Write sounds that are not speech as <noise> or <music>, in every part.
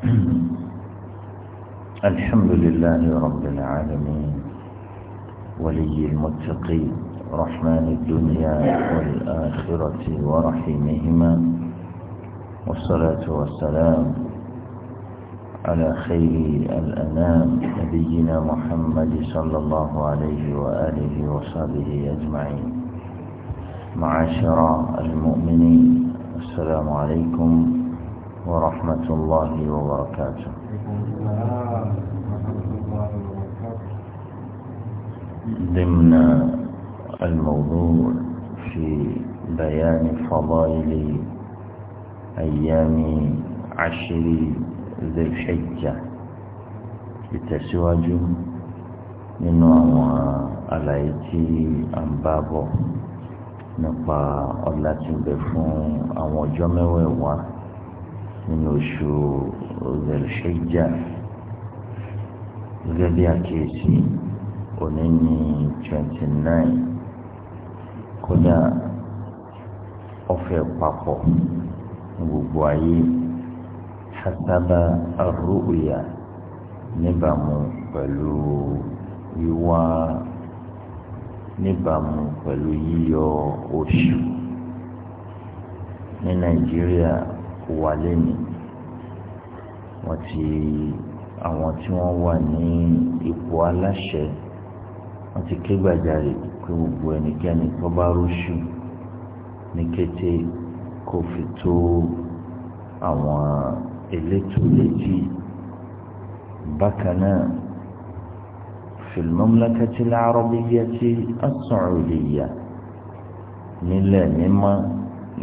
<clears throat> الحمد لله رب العالمين ولي المتقين رحمن الدنيا والآخرة ورحيمهما والصلاة والسلام على خير الأنام نبينا محمد صلى الله عليه وآله وصحبه أجمعين معاشر المؤمنين السلام عليكم ورحمة الله وبركاته ضمن الموضوع في بيان فضائل أيام عشر ذي الحجة لتسواج من àlàyé tí a ń bá bọ̀ nípa ọlá tí nínú oṣù Dhul-Hijja gẹ́gẹ́ bí àkíyèsí òní ní twenty nine kódà ọ̀fẹ́ papọ̀ gbogbo ayé hasaba arúgbìyà níbàámu pẹ̀lú wíwá níbàámu pẹ̀lú yíyọ oṣù ní Nàìjíríà kó wà lẹ́nu wọ́n ti àwọn tí wọ́n wà ní ipò aláṣẹ wọ́n ti ké gbàjarè pé gbogbo ẹnikẹ́ni tó bá rúṣù ní kété kó fi tó àwọn elétò létí bákan náà في المملكة العربية السعودية nílẹ̀ mímọ́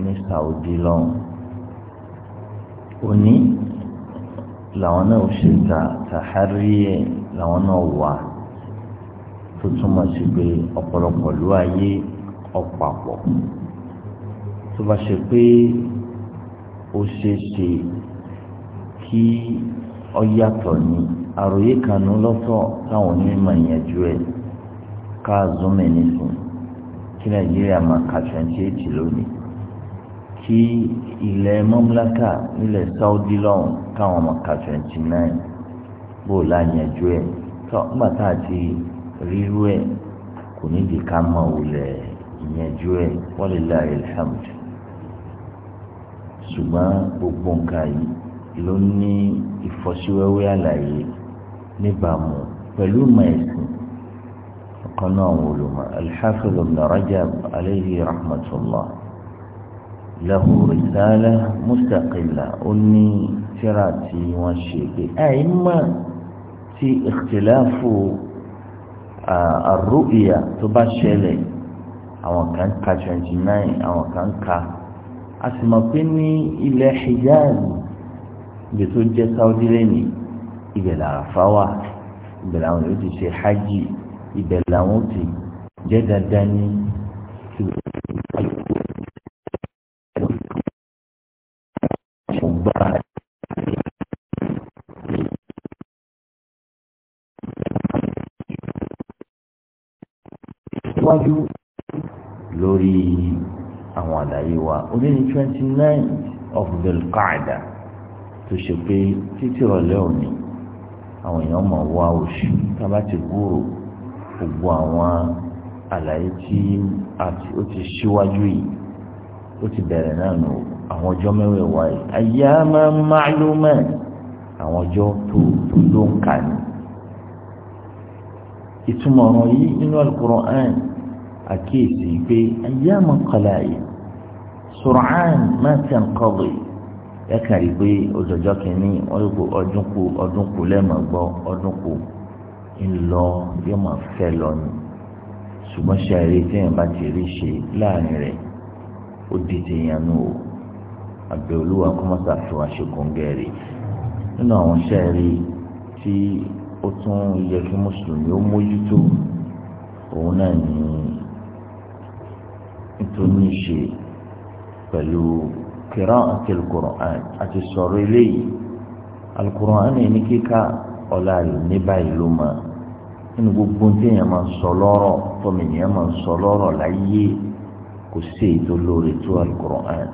ní Saudi lọ́hùn òní làwọn náà ò ṣe ta tàhárí ẹ̀ làwọn náà wà tó túmọ̀ sí pé ọ̀pọ̀lọpọ̀ ló ayé ọ̀pàpọ̀ tó bá ṣe pé ó ṣe ṣe kí ọ yàtọ̀ ni àròyé kanú lọ́tọ̀ táwọn onímọ̀ ìyẹ̀jú ẹ̀ ká zoom ẹ̀ nísìn kí nàìjíríà máa ka twenty eight lónìí sí ilẹ̀ mọ́múlákà nílẹ̀ Saudi lọ́hùn káwọn ọmọ ká twenty nine bó láyànjú ẹ̀ tó nígbà tá a ti ríru ẹ̀ kò ní di ká mọ̀ wulẹ̀ ìyànjú ẹ̀ walillahi alhamd ṣùgbọ́n gbogbo nǹkan yìí ló ní ìfọ́síwẹ́wẹ́ àlàyé níbàámu pẹ̀lú ìmọ̀ ẹ̀sìn ọ̀kan náà wọlé mọ́ Al-Hafiz Rajab alayhi rahmatullah lahu risala mustaqila ó ní tíra tí wọ́n ṣe pé ẹ̀ mọ̀ tí ìkìláfù àrùbíyà tó bá ṣẹlẹ̀ àwọn kan ka twenty nine àwọn kan ka a sì mọ̀ pé ní ilẹ̀ Hijaz ibi tó jẹ́ Saudi lẹ́nu ibẹ̀ làràfà wà ibẹ̀ làwọn yóò ti ṣe hajj ibẹ̀ làwọn ti jẹ́ dandan ní agbára rẹ̀. síwájú lórí àwọn àlàyé wa orí ní twenty nine of the qadah tó ṣe pé títí ìrọ̀lẹ́ òní àwọn èèyàn mọ̀ wá oṣù tá a bá ti gbúrò gbogbo àwọn àlàyé tí ó ti ṣíwájú yìí ó ti bẹ̀rẹ̀ náà nù o àwọn ọjọ́ mẹ́wẹ̀ẹ̀wá yìí ayyaman ma'lumat àwọn ọjọ́ tó tó ló ń kà ní. ìtumọ̀ ọ̀rọ̀ yìí nínú al-Qur'an àkíyèsí pé ayyaman qala'il sur'an ma tanqadi ẹ kàrí pé ọjọ́jọ́ kìíní ọdún kù ọdún kù lẹ́mọ̀ gbọ́ ọdún kù ńlọ yóò máa fẹ́ lọ ni ṣùgbọ́n ṣe àìrí tí èèyàn bá ti rí ṣe láàrin rẹ̀ ó di tèèyàn nù o àbẹ̀ olúwa kó má ṣàfihàn àṣekúngẹ́ rẹ̀ nínú àwọn sẹ́ẹ̀rí tí ó tún yẹ kí mùsùlùmí ó mójútó òun náà ní nítorí ṣe pẹ̀lú qira'ati al-Qur'an àti sọ̀rọ̀ eléyìí al-Qur'an ní kíkà ọ̀la rẹ̀ ní báyìí ló máa nínú gbogbo téèyàn máa sọ lọ́rọ̀ tọ́mìnìyàn máa sọ lọ́rọ̀ láyé kò sí èyí tó lóore tó al-Qur'an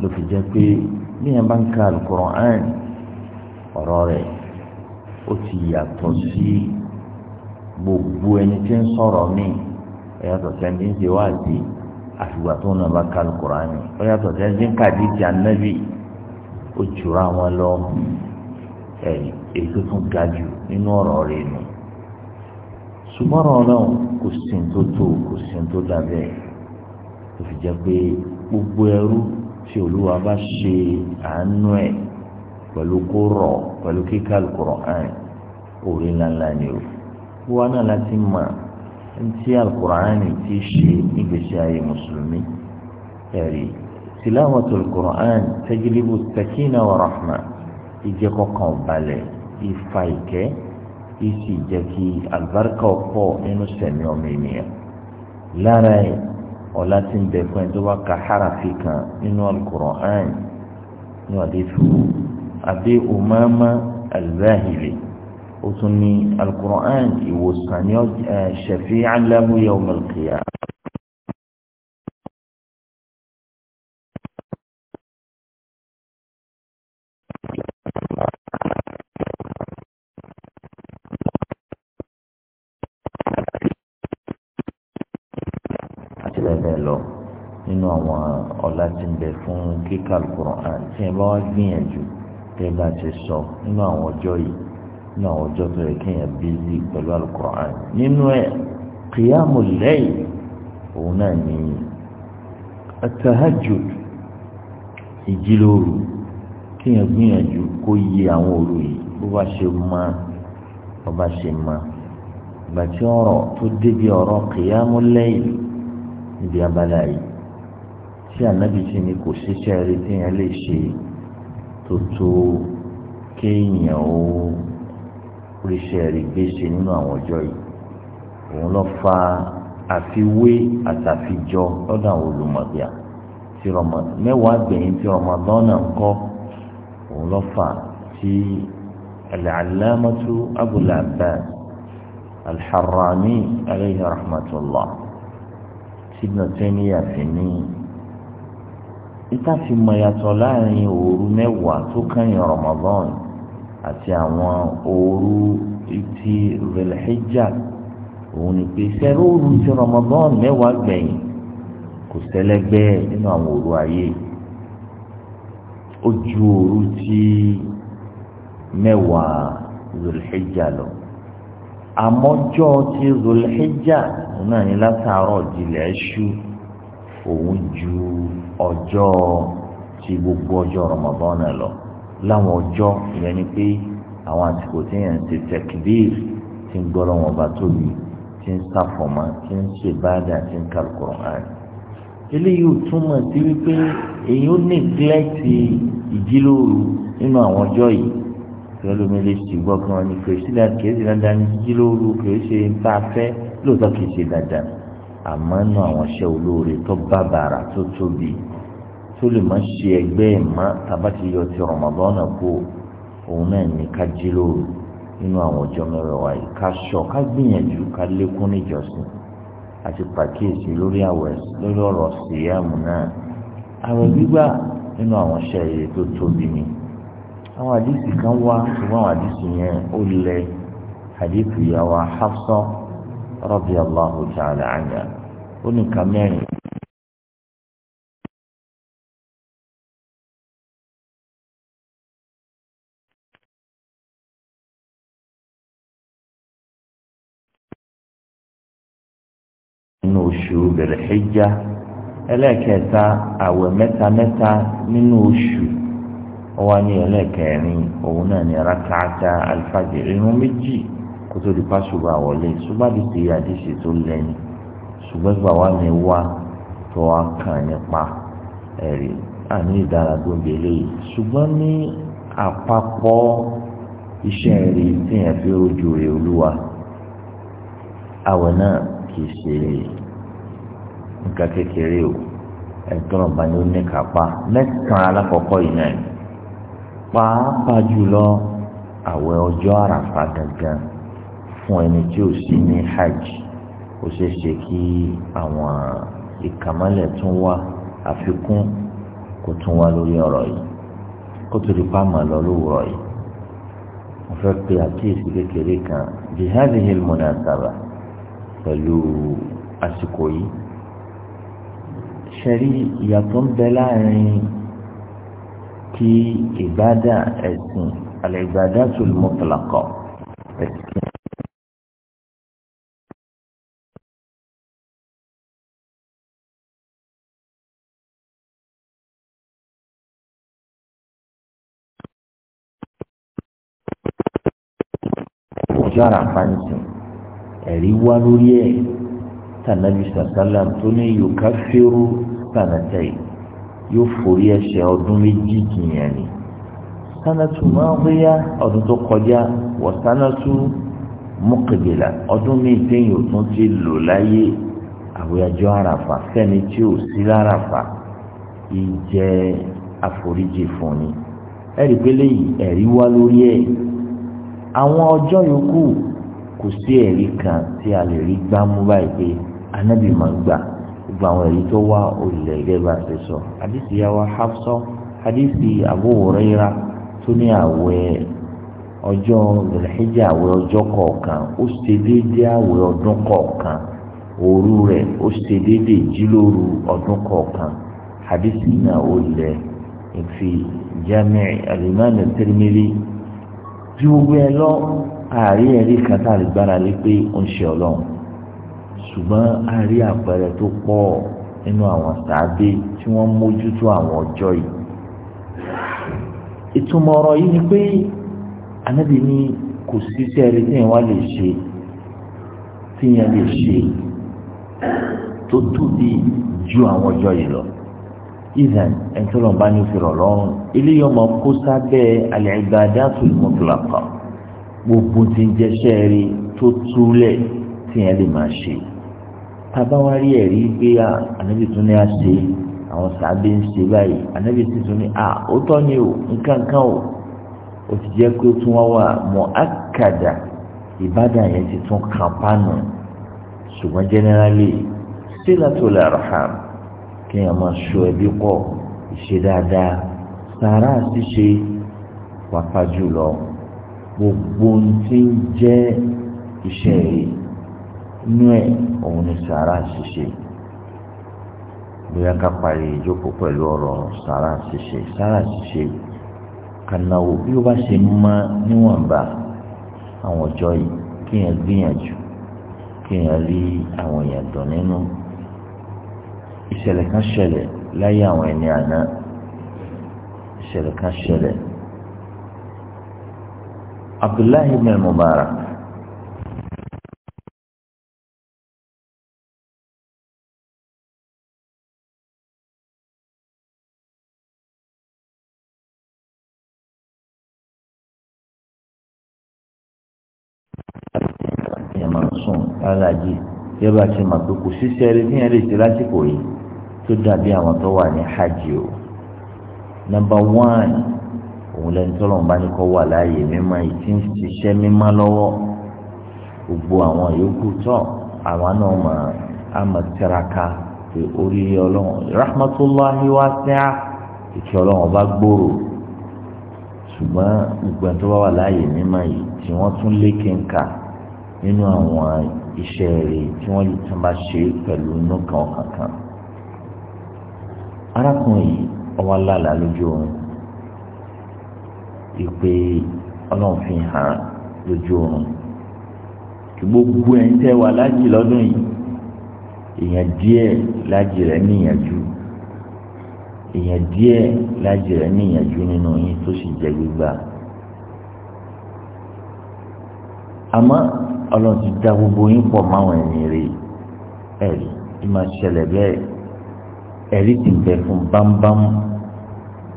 ló fi jẹ́ pé níyàn bá ń ka alukoran ọ̀rọ̀ rẹ̀ ó ti yàtọ̀ sí gbogbo ẹni tí ń sọ̀rọ̀ mí ẹ yàtọ̀ sí ẹni tí ń ṣe wáàdì àfìgbà tó ń nà bá ka alukoran ó yàtọ̀ sí ẹni tí ń kàdí ti ànábì ó jùrọ̀ àwọn lọ èyí tó tún ga jù nínú ọ̀rọ̀ rẹ̀ nù ṣùgbọ́n ọlọ́run kò sí ní tó tó kò sí ní tó dàbẹ́ tó fi jẹ́ pé gbogbo ẹrú tí olúwa bá ṣe àánú ẹ̀ pẹ̀lú kó rọ̀ pẹ̀lú kíkà alukur'an orí ńláńlá ni o wọ́n náà láti mọ̀ ntí alukur'an ti ṣe nígbèsí ayé mùsùlùmí ẹ̀rí tilawatu alukur'an tajilibu sakina wa rahma ìjẹ́ kọ́kàn balẹ̀ ìfà ìkẹ́ ìsì jẹ́ kí alibarika ọ̀pọ̀ nínú sẹ̀mí ọmọ ènìyàn lára ẹ̀ ọ̀la tí ń bẹ fún ẹ tó bá ka harafi kan nínú alukur'an ní àdéhùn àbí umama albahili ó tún ní alukur'an ìwòsàn ní ṣẹ̀fí aláwọ̀ yawm al-qiyamah. ń bẹ fún kíkà alukur'an tí ẹ bá wá gbìyànjú tẹ bá ti sọ nínú àwọn ọjọ́ yìí nínú àwọn ọjọ́ tó yẹ kéèyàn bízì pẹ̀lú alukur'an nínú ẹ kìyàmù lẹ́yìn òun náà ní atahajud ìjìlóru kéèyàn gbìyànjú kó yí àwọn òru yìí bó bá ṣe má bó bá ṣe má gbàtí ọ̀rọ̀ tó débi ọ̀rọ̀ kìyàmù lẹ́yìn níbi abala yìí tí ànábì sì ni kò síṣẹ́ rí téèyàn lè ṣe tó tó kéèyàn ó ríṣẹ́ rí gbéṣe nínú àwọn ọjọ́ yìí òun lọ fa àfiwé àtàfijọ lọ́dọ̀ àwọn olùmọ̀bíà tí rọmọ mẹ́wàá gbẹ̀yìn tí Ramadan náà ń kọ́ òun lọ fà tí al-allamatu Abul Abbas al tí Ibn Taymiyyah ní ìtàfi mọ̀ yàtọ̀ láàrin òru mẹ́wàá tó kẹ́yìn Ramadan àti àwọn òru ti Dhul-Hijjah òun ni pé sẹ́rú òru ti Ramadan mẹ́wàá gbẹ̀yìn kò sẹ́lẹ́gbẹ́ nínú àwọn òru ayé ó ju òru ti mẹ́wàá Dhul-Hijjah lọ àmọ́jọ́ ti Dhul-Hijjah náà ní látàárọ̀ dilẹ̀ ṣú òun ju ọjọ́ ti gbogbo ọjọ́ Ramadan náà lọ láwọn ọjọ́ ìyẹn ni pé àwọn àsìkò tí yẹn ń ṣe tẹkbír tí ń gbọ́rọ̀ wọn bá tóbi tí ń sàfọ̀mọ́ tí ń ṣe báàdà tí ń kàlùkùrọ̀ ààrẹ eléyìí ò túmọ̀ sí wípé èyí ó nìgílẹ́tì ìjílóru nínú àwọn ọjọ́ yìí lọ́lọ́mí lè ṣì gbọ́ kí wọ́n ní kìrìsìlẹ̀ kìrìsìlẹ̀ dáadáa ní jíjílóru kìrìsìlẹ̀ ń bá a fẹ́ lóòótọ́ kìí ṣe dáadáa àmọ́ nù àwọn iṣẹ́ olóore tó bàbàrà tó tóbi tó lè má ṣe ẹgbẹ́ ìmọ̀ tàbá ti yọ ti rọmọdọ́nà kó òun náà ní ká jí lóru nínú àwọn ọjọ́ mẹ́rẹ̀ wa ká sọ ká gbìyànjú ká lékún níjọsìn àti pàkíyèsí lórí àwẹ̀ lórí ọ̀rọ̀ síyàmù náà àwẹ̀ gbígbà nínú àwọn iṣẹ́ eré tó tóbi ni àwọn àdìsí kan wá ṣùgbọ́n àwọn àdìsí yẹn ó lẹ àdìsí ìyàwó Hafsa. رضي الله تعالى عنا ونكمل نوشو بالحجة إلا كتا أو متى متى من نوشو واني إلا كاني ونان ركعة الفجر المجي kó tó di pàṣùbà wọlé ṣùgbọ́n àdìsí àdìsí tó lẹ́nu ṣùgbọ́n ìgbà wa mi wá tó wá kàn nípa ẹ̀rí àní ìdáradóbi eléyìí ṣùgbọ́n ní àpapọ̀ iṣẹ́ rí tí yẹn fi rojú rẹ̀ olúwa àwẹ̀ náà kì í ṣe nǹkan kékeré o ẹ̀tọ́nà bá ní oníkàpá mẹ́sàn alákọ̀ọ́kọ́ yìí náà pàápàá jùlọ àwẹ̀ ọjọ́ àràfà gangan fún ẹni tí ò sí ní hajj ó ṣeé ṣe kí àwọn ìkàmọ́lẹ̀ tún wá àfikún kó tún wá lórí ọ̀rọ̀ yìí kó tó di pàmò lọ lówùrọ̀ yìí mo fẹ́ pe àkíyèsí kékeré kan bi hadhihi al-munasaba pẹ̀lú àsìkò yìí ṣẹ́rí ìyàtọ̀ ń bẹ láàrin kí ìbádà ẹ̀sìn al-ibadatul mutlaqa ẹ̀sìn. ọjọ́ àràfà nìsín ẹ̀rí wá lórí ẹ̀ tànàbí sàtàlám tó ní yòókà fẹ́rù sànàtà yìí yóò forí ẹsẹ̀ ọdún méjì jìyàn ni sànàtù máa ń gbéyà ọdún tó kọjá wọ sànàtù mọ́kànlélà ọdún míì téèyàn tún ti lò láyé àwọn ọjọ́ àràfà fẹ́ni tí ò sí láràfà yìí jẹ́ àforíjì fún ni ẹ̀rí pé léyìí ẹ̀rí wá lórí ẹ̀. àwọn ọjọ́ yòókù kò sí ẹ̀rí kan tí a lè rí gbámú báyìí pé anábì máa ń gbà gbogbo àwọn ẹ̀rí tó wá olè gẹ́gẹ́ bá ṣe sọ àdìsí yàwá Hafsa àdìsí Abu tó ní àwẹ̀ ọjọ́ ìrìnàjò àwẹ̀ ọjọ́ kọ̀ọ̀kan ó ṣe déédéé àwẹ̀ ọdún kọ̀ọ̀kan òru rẹ̀ ó ṣe déédéé ìjílóru ọdún kọ̀ọ̀kan àdìsí náà ìfi ju gbogbo ẹ lọ ààrí ẹ̀rí kàtà àrígbára lé pé ó ń ṣe ọlọ́run ṣùgbọ́n ààrí àpẹẹrẹ tó pọ̀ nínú àwọn sàádé tí wọ́n mójútó àwọn ọjọ́ yìí ìtumọ̀ ọ̀rọ̀ yìí ni pé anábì ní kò sí sẹ́ẹ̀rí téèyàn wá lè ṣe téèyàn lè ṣe tó tóbi ju àwọn ọjọ́ yìí lọ ìzàn ẹ̀ńtọ́lọ́ba ní òfin ọlọ́run eléyìí ọmọ kó sábẹ́ alẹ́ ibadatul mutlaqa gbogbo ti ń jẹ́ṣẹ́ rí tó túlẹ̀ tí yẹn lè máa ṣe tábà wá rí ẹ̀rí pé ànábì tún ní àṣe àwọn sàábé ń ṣe báyìí ànábì sì tún ní à ó tọ́ ni o kéèyàn máa so ẹbí pọ̀ ìṣe dáadáa sàárà ṣíṣe pàpà jùlọ gbogbo ohun tí ń jẹ́ iṣẹ́ rẹ̀ inú ẹ̀ òun ni sàárà ṣíṣe bóyá ká parí ìjókòó pẹ̀lú ọ̀rọ̀ sàárà ṣíṣe sàárà ṣíṣe kànáwó bí ó bá ṣe mọ́ níwọ̀nba àwọn ọjọ́ yìí kéèyàn gbìyànjú kéèyàn rí àwọn èèyàn dùn nínú ìṣẹ̀lẹ̀ kan ṣẹlẹ̀ láyé àwọn ẹni àná ìṣẹ̀lẹ̀ kan ṣẹlẹ̀ Abdullahi ibn Mubarak yamma sun alaji gẹ́gẹ́ bá ṣe mọ̀ pé kò síṣẹ́ eré tí yẹn lè ṣe lásìkò yìí tó dàbí àwọn tó wà ní hajj o nọ́mbà wán òun lẹni tọ́lọ̀ ń bá ní kọ́ wà láàyè mímọ́ yìí tí ń ṣiṣẹ́ mímọ́ lọ́wọ́ gbogbo àwọn yòókù tọ́ àwọn náà mọ̀ á mọ̀ tẹ́raka pé oríire ọlọ́run rahmatulahi wa sẹ́à ìkẹ́ ọlọ́run bá gbòòrò ṣùgbọ́n ìgbà tó bá wà láàyè mímọ́ yìí tí wọ́n tún lékè ń kà nínú àwọn iṣẹ́ rẹ̀ tí wọ́n lè tún bá ṣe pẹ̀lú inú kan kankan. arákùnrin yìí ọwọ́ lálà lójú oorun ìpè ọlọ́run fi hàn lójú oorun gbogbo ẹ̀ ń tẹ́ wà lájì lọ́dún yìí èèyàn díẹ̀ lájì rẹ̀ níyànjú èèyàn díẹ̀ lájì rẹ̀ níyànjú nínú yín tó sì jẹ́ gbígbà àmọ́ ọlọ́run ti da gbogbo yín pọ̀ máwọn ẹni rè ẹ̀rí tí máa ṣẹlẹ̀ bẹ́ẹ̀ ẹ̀rí ti bẹ̀ fún bámbám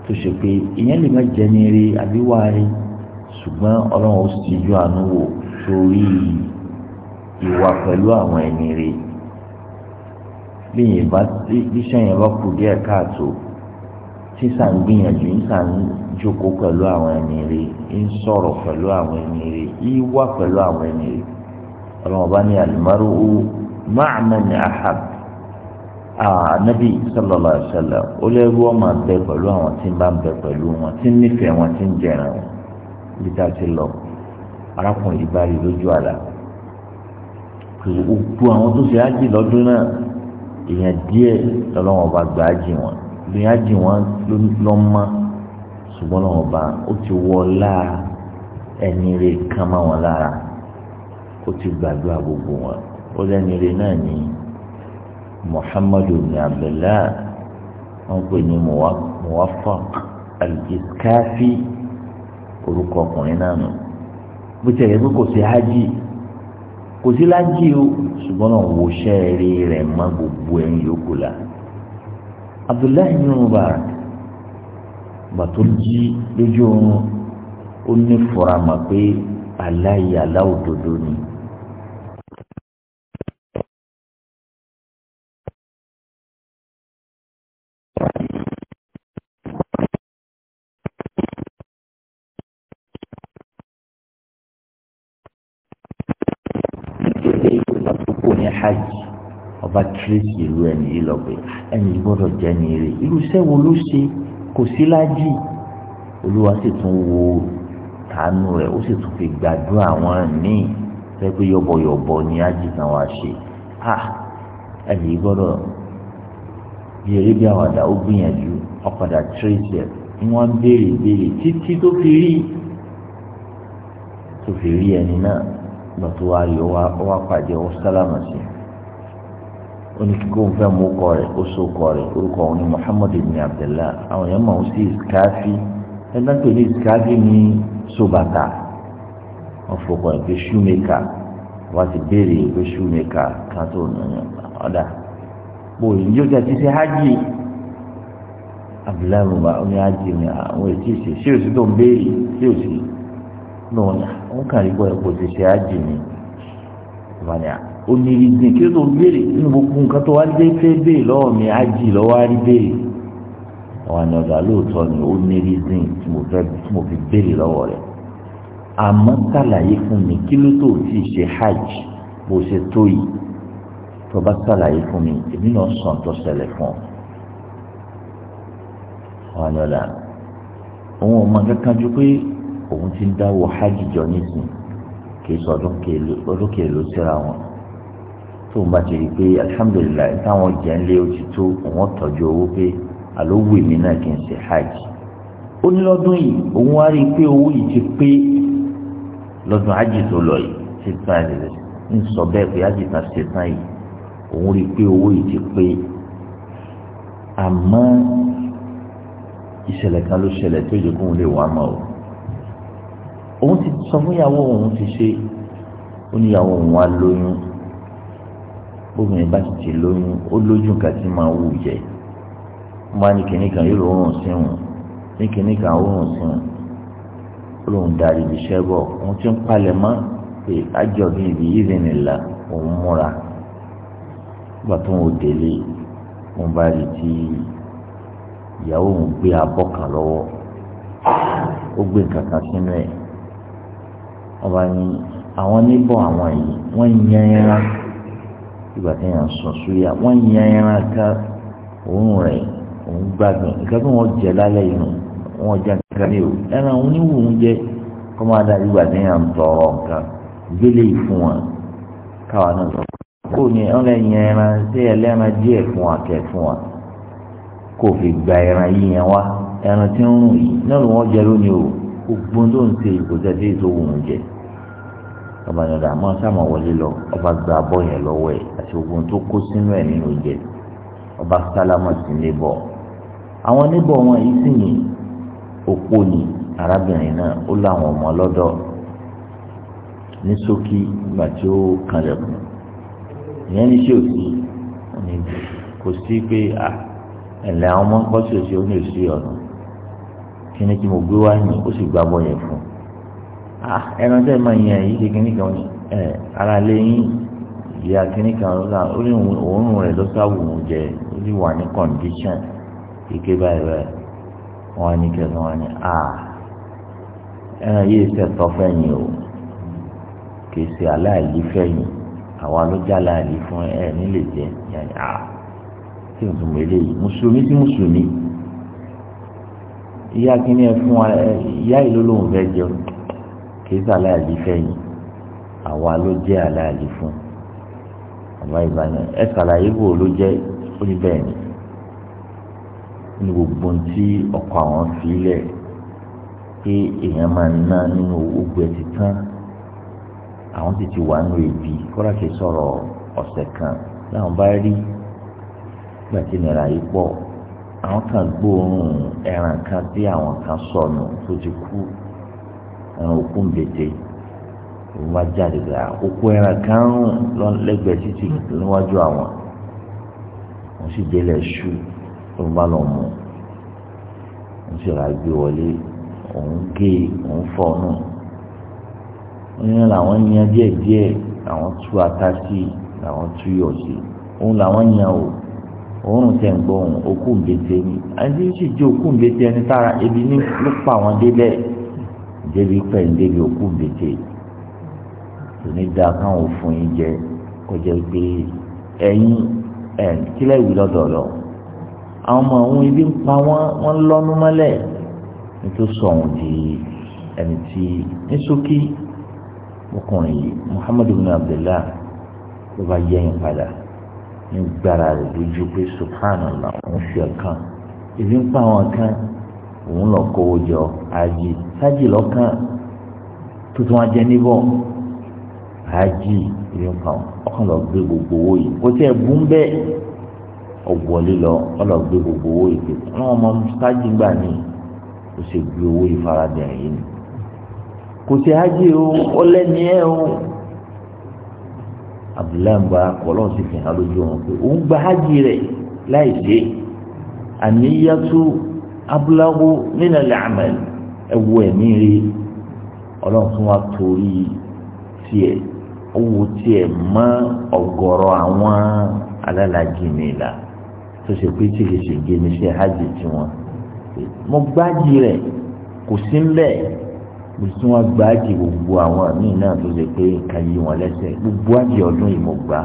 tó ṣe pé ìyẹn lè má jẹ́ ní rí àbí rí ṣùgbọ́n ọlọ́run ó sì ju àánú wò sórí ìwà pẹ̀lú àwọn ẹni rè bí yẹn bá kú díẹ̀ káàtó tí sàn gbìyànjú ń sàn jókòó pẹ̀lú àwọn ẹni rè ń sọ̀rọ̀ pẹ̀lú àwọn ẹni rè ń wà pẹ̀lú àwọn ẹni rè ọlọ́mọba ní alimaru ó máa mẹ́ni ahab anabi sallallahu alayhi wa sallam ó lẹ́rú ọmọ abẹ pẹ̀lú àwọn tí ń bá ń bẹ pẹ̀lú wọn tí ń nífẹ̀ẹ́ wọn tí ń jẹran wọn bí ti lọ arákùnrin yìí bá rí lójú àlá kò gbogbo àwọn tó ṣe ájì lọ́dún náà èèyàn díẹ̀ lọ́lọ́mọba gbà ájì wọn bóyá jì wọ́n lọ́mọ ṣùgbọ́n náà ọba ó ti wọlá ẹni rẹ̀ kán mọ́ wọn lára ó ti gbàdúrà gbogbo wọn ó lẹ́ni rẹ̀ náà ní muhammadu ni abdullah wọ́n pè ní muwafaq al-iskafi orúkọ ọkùnrin náà nù bó ti ẹ̀yẹ́ pé kò sí hajj kò sí lájì o ṣùgbọ́n náà wò ṣẹ́ẹ̀rí rẹ̀ mọ́ gbogbo ẹ̀yìn yòókù la abdullahi bin mubarak bàtò jí lójú oorun ó ní fura mà pé aláì aláwòdodo ni. Nítorí hajj ọba tracy ìlú ẹni yìí lọ́gbẹ́ ah, ẹni gbọ́dọ̀ jẹ́ ní eré irú iṣẹ́ wo ló ṣe kò sí lájì olúwa sì tún wo tàánú rẹ̀ ó sì tún fi gbàdúrà àwọn míì fẹ́ pé yọ̀bọ̀yọ̀bọ̀ ni ájì kan wá ṣe ah, ẹni gbọ́dọ̀ bí eré bí àwàdà ó gbìyànjú ọ̀padà tracy ẹ̀ ni wọ́n béèrè béèrè títí tó fi rí tó fi rí ẹni náà lọ́tọ́ wa yọ wá pàdé ọ oníkókó fẹ́ mú kọ rẹ̀ ó so kọ Muhammad ibn Abdullah àwọn èèyàn máa ń sí ìskáfí tó ní ìskáfí ní sobata fọkọ pé ti béèrè pé ṣúmẹ́kà kan tó nìyẹn ọ̀dà bó ìjọ ti ṣe hajj Abdullah muba ó hajj ni àwọn èsì ṣe ṣé òsì tó ń béèrè ṣé kàn rí kò ti ṣe hajj ni onírìndín kí ló tó ń béèrè nínú gbogbo nǹkan tó wá dé fẹ́ béèrè lọ́wọ́ mi ájì lọ́wọ́ á rí béèrè àwọn àna ọ̀gá lóòótọ́ ni onírìndín tí mo fẹ́ tí mo fi béèrè lọ́wọ́ rẹ̀ àmọ́ sàlàyé fún mi kí ló tó ti ṣe hajj bó ṣe tó yìí tó bá sàlàyé fún mi èmi náà sàn tó ṣẹlẹ̀ fún ọ àna ọ̀gá òun ò kankan ju pé òun ti ń dáwọ́ hajj jọ nísìnyí kì í sọ ọdún kèèló síra wọn tó ń bá ti rí i pé alihamudulilayi táwọn jẹ́ ń lé ojú tó òun tọ́jú owó pé àlówù èmi náà kì í ṣe hajj ó ní lọ́dún yìí òun wá rí i pé owó yìí ti pé lọ́dún hajj tó lọ yìí ṣe tán ẹ̀ ń sọ bẹ́ẹ̀ pé hajj tán ṣe tán yìí òun rí i pé owó yìí ti pé àmọ́ ìṣẹ̀lẹ̀ kan ló ṣẹlẹ̀ tó yẹ kóun lè wá mọ́ o òun ti sọ fún ìyàwó òun ti ṣe ó ní ìyàwó òun wá lóyún bóbìnrin bá ti ti lóyún ó lójú nǹkan tí máa wù jẹ wọn ní kìnnì kan yóò rọrùn sí wọn ní kìnnì kan ó rọrùn sí wọn ó lóun darí ibi iṣẹ́ bọ̀ òun ti ń palẹ̀ mọ́ pé àjọ̀dún ibi yìí rìn ìlà òun múra nígbà tó ń délé òun bá rí ti ìyàwó òun gbé abọ́ kan lọ́wọ́ ó gbé nǹkan kan sínú ẹ̀ ọba ní àwọn níbọ̀ àwọn yìí wọ́n yan ẹran. ìgbà tí yàn sùn ọ wọ́n yan ẹran ká òun rẹ̀ òun gbàgbọ́n nǹkan tó jẹ lálẹ́ yìí nù jẹ nǹkan ní o ẹran òun ní wù ú jẹ kọ́ máa dá ìgbà tí yàn tọrọ nǹkan gbélé yìí fún wọn káwa náà ẹran sí gba ẹran yìí wá ẹran tí ń rùn yìí náà ló jẹ lónìí o gbogbo tó ń abanyọ̀dà àmọ́ sáàmà wọlé lọ ọba gba abọ́ yẹn lọ́wọ́ ẹ̀ àti ogun tó kó sínú ẹ̀ nínú jẹ ọba sálámà sí lébọ̀ àwọn níbọ̀ wọn yìí sì ní òpó ni arábìnrin náà ó láwọn ọmọ lọ́dọ̀ ní ṣókí ìgbà tí ó kanlẹ̀kùn ìyẹn ní ṣé òsì kò sí pé à ẹ̀lẹ́ àwọn ọmọ ń kọ́ sí òsì ó ní òsì ọ̀nà kí ni kí mo gbé wá yìí ó sì gbàgbọ́ yẹn fún un. Ah, ẹran tẹ́ máa yẹn yìí ṣe kíní kan ẹ ara lé yín ìyá kíní kan lọ́la ó ní òórùn rẹ̀ lọ́sàwù òun jẹ ó sì wà ní kọ̀ǹdíṣàn kéke báyìí báyìí wọ́n á ní kẹsàn-án wọ́n á ah, ẹran yìí ṣẹ̀tọ́ fẹ́yìn o kì í ṣe aláìlí fẹ́yìn àwa ló já láàyè fún ẹ nílé jẹ yàrá a ah, tí n tún mélé yìí mùsùlùmí sí mùsùlùmí ìyá kíní ẹ fún wa ìyá ìlú lòun fẹ́ jẹun kìí sàlàyé fẹ́yìn àwa ló jẹ́ àlàyé fún àbá ìbáyọ̀ ẹ sàlàyé wò ló jẹ́ ó ní bẹ́ẹ̀ ni ní gbogbo tí ọkọ̀ àwọn fi lẹ̀ pé èèyàn máa ná nínú ogun ẹ̀ ti tán àwọn sì ti wà nínú èbí kọ́ra kìí sọ̀rọ̀ ọ̀sẹ̀ kan láwọn bá rí gbàtí nira yìí pọ̀ àwọn kan gbóòórùn ẹran kan tí àwọn kan sọnù tó ti kú ẹran òkú ń bètè òun bá jáde gbà ah, òkú ẹran kan lẹ́gbẹ̀ẹ́ títì níwájú àwọn wọ́n sì délẹ̀ ṣú òun bá lọ mú wọ́n sì rà gbé wọlé òun gé òun fọ́nù wọ́n yẹn làwọn yan díẹ̀díẹ̀ làwọn tú ata sí làwọn tú yọ̀ sí òun làwọn yan o òórùn tẹ̀ ń gbọ́ òun òkú ń bètè ni àti sì jẹ́ òkú ń bètè ẹni tára ebi ní ló pa àwọn délẹ̀ débi pẹ̀lú òkú bètè onídà káwọn òfin yìí jẹ kọjá pé ẹ̀yin ẹ̀ kílẹ̀ wí lọ́dọọdọ àwọn ọmọ òun ibi ń pa wọn wọn lọ́nu mọ́lẹ̀ nítorí sọ̀hún di ẹni tí ní ṣókí ọkùnrin yìí muhammadu bin abdullah ló bá yẹ̀yìn padà ní gbára rẹ̀ lójú pé subhanallah òun fi ọ̀kan ibi ń pa wọn kan òun lọ kówó jọ àjì sájì lọ́kàn tuntun ajẹ́ níbọ̀ àjì ìyẹn kan ọkàn lọ gbé gbogbo owó yìí kò tí ẹ bú ń bẹ́ ọ̀wọ́lé lọ ọlọ gbé gbogbo owó yìí pé wọn ọmọ sájì gbà ní kò sì gbé owó yìí faradà yìí ni kò sí ájì o ọlẹ́ni ẹ o abdullahi ba kọlọ́ sì fi hàn lójú wọn pé òun gba ájì rẹ̀ láì dé àníyàtú abúláwo nínú làmẹl ẹwọ ẹmí rí Ọlọ́run tún wá torí tiẹ̀ owó tiẹ̀ mọ ọ̀gọ̀rọ̀ àwọn alálàjì nìlà tó ṣe pé tí kìí ṣe gé ní ṣe hajj tiwọn mo gbájì rẹ kò sí ń bẹ mo tún wá gbájì gbogbo àwọn míì náà tó ṣe pé nǹkan yí wọn lẹ́sẹ̀ gbogbo àjẹ ọdún yìí mo gbà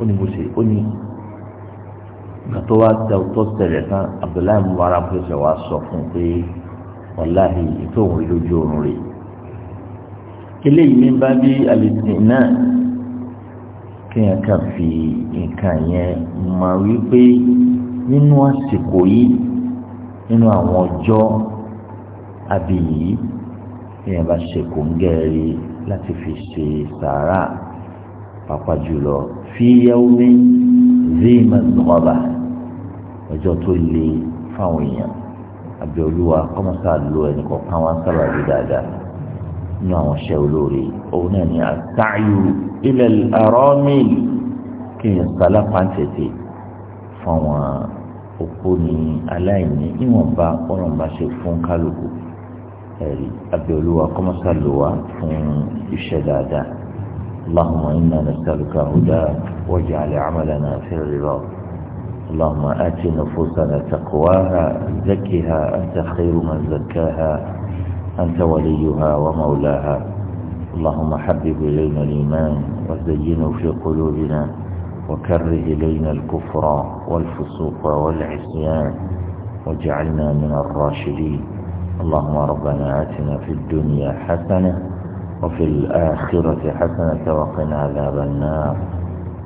ó ní mo ṣe ó ní kátó wá da tó tẹ̀lé tán abdullahi mubarak fẹsẹ̀ wá sọ fún pé wàláhì ètò òun lójú oorun rẹ̀ eléyìí ní bá bí alìsìn náà kéèyàn kà fi nǹkan yẹn máa wí pé nínú àsìkò yìí nínú àwọn ọjọ́ àbí yìí kéèyàn bá ṣe kòńgẹ́rì láti fi ṣe sàárà pàápàá jùlọ fi yawmin zi mazghaba ọjọ́ tó le fáwọn èèyàn àbí olúwa kọ́mọ́sá lo ẹnì kọ̀ọ̀kan wá sábà rí dáadáa nínú àwọn iṣẹ́ olóore òun náà ni àtàyù ilẹ̀ àrọ́mìlì kí n sàlá pàǹtẹ̀tẹ̀ fún òpó ní aláìní níwọ̀nba ọ̀ràn bá ṣe fún kálukú ẹ̀rí àbí olúwa kọ́mọ́sá lo wa fún iṣẹ́ dáadáa اللهم إنا نسالك هدى واجعل عملنا في الرضا اللهم آت نفوسنا تقواها زكها أنت خير من زكاها أنت وليها ومولاها اللهم حبب إلينا الإيمان وزينه في قلوبنا وكره إلينا الكفر والفسوق والعصيان واجعلنا من الراشدين اللهم ربنا آتنا في الدنيا حسنة وفي الآخرة حسنة وقنا عذاب النار